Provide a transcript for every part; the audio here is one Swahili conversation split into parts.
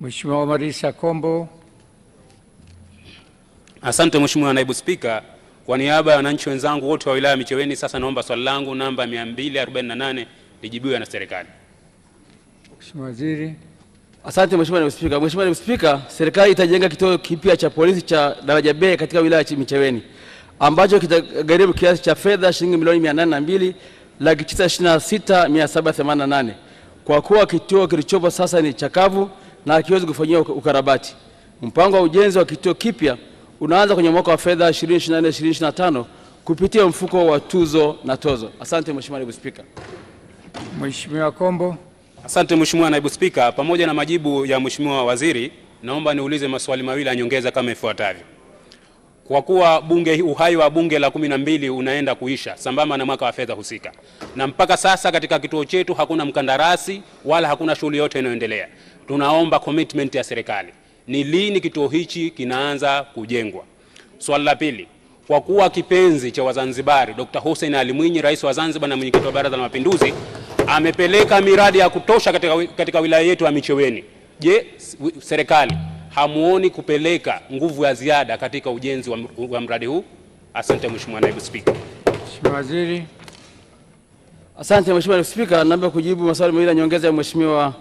Mheshimiwa Marisa Kombo. Asante Mheshimiwa Naibu Spika, kwa niaba ya wananchi wenzangu wote wa wilaya Micheweni, sasa naomba swali langu namba 248 lijibiwe na serikali. Mheshimiwa Waziri. Asante Mheshimiwa Naibu Spika. Mheshimiwa Naibu Spika, serikali itajenga kituo kipya cha polisi cha daraja B katika wilaya ya Micheweni ambacho kitagharimu kiasi cha fedha shilingi milioni 802 laki 926,788 kwa kuwa kituo kilichopo sasa ni chakavu na hakiwezi kufanyiwa ukarabati. Mpango wa ujenzi wa kituo kipya unaanza kwenye mwaka wa fedha 2024 2025 kupitia mfuko wa tuzo na tozo. Asante Mheshimiwa Naibu Spika. Mheshimiwa Kombo. Asante Mheshimiwa Naibu Spika, pamoja na majibu ya Mheshimiwa Waziri, naomba niulize maswali mawili ya nyongeza kama ifuatavyo. Kwa kuwa bunge uhai wa bunge la kumi na mbili unaenda kuisha sambamba na mwaka wa fedha husika, na mpaka sasa katika kituo chetu hakuna mkandarasi wala hakuna shughuli yote inayoendelea, tunaomba commitment ya serikali, ni lini kituo hichi kinaanza kujengwa? Swali la pili, kwa kuwa kipenzi cha Wazanzibari, Dr. Hussein Ali Mwinyi, rais wa Zanzibar na mwenyekiti wa Baraza la Mapinduzi, amepeleka miradi ya kutosha katika, katika wilaya yetu ya Micheweni. Je, serikali hamuoni kupeleka nguvu ya ziada katika ujenzi wa, mradi huu? Asante Mheshimiwa Naibu Spika. Mheshimiwa Waziri. Asante Mheshimiwa Naibu Spika, naomba kujibu maswali mawili ya nyongeza ya Mheshimiwa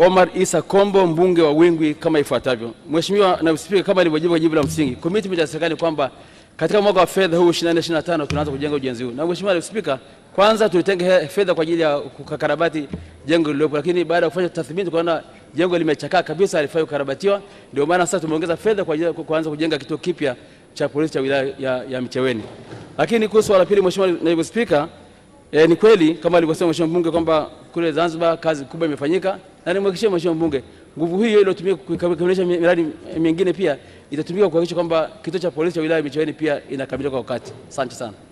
Omar Isa Kombo, mbunge wa Wingwi, kama ifuatavyo. Mheshimiwa Naibu Spika, kama nilivyojibu jibu la msingi, commitment ya serikali kwamba katika mwaka wa fedha huu 24 25 tunaanza kujenga ujenzi huu. Na Mheshimiwa Naibu Spika, kwanza tulitenge fedha kwa ajili ya kukarabati jengo lililopo, lakini baada ya kufanya tathmini tukaona jengo limechakaa kabisa, halifai kukarabatiwa. Ndio maana sasa tumeongeza fedha kwa ajili ya kuanza kujenga kituo kipya cha polisi cha wilaya ya, ya Micheweni. Lakini kuhusu swala pili, Mheshimiwa Naibu Spika, eh, ni kweli kama alivyosema Mheshimiwa mbunge kwamba kule Zanzibar kazi kubwa imefanyika na nimhakikishie Mheshimiwa Mbunge, nguvu hiyo iliyotumika kukamilisha miradi mingine pia itatumika kuhakikisha kwamba kituo cha polisi cha wilaya Micheweni pia inakamilika kwa wakati. Asante sana.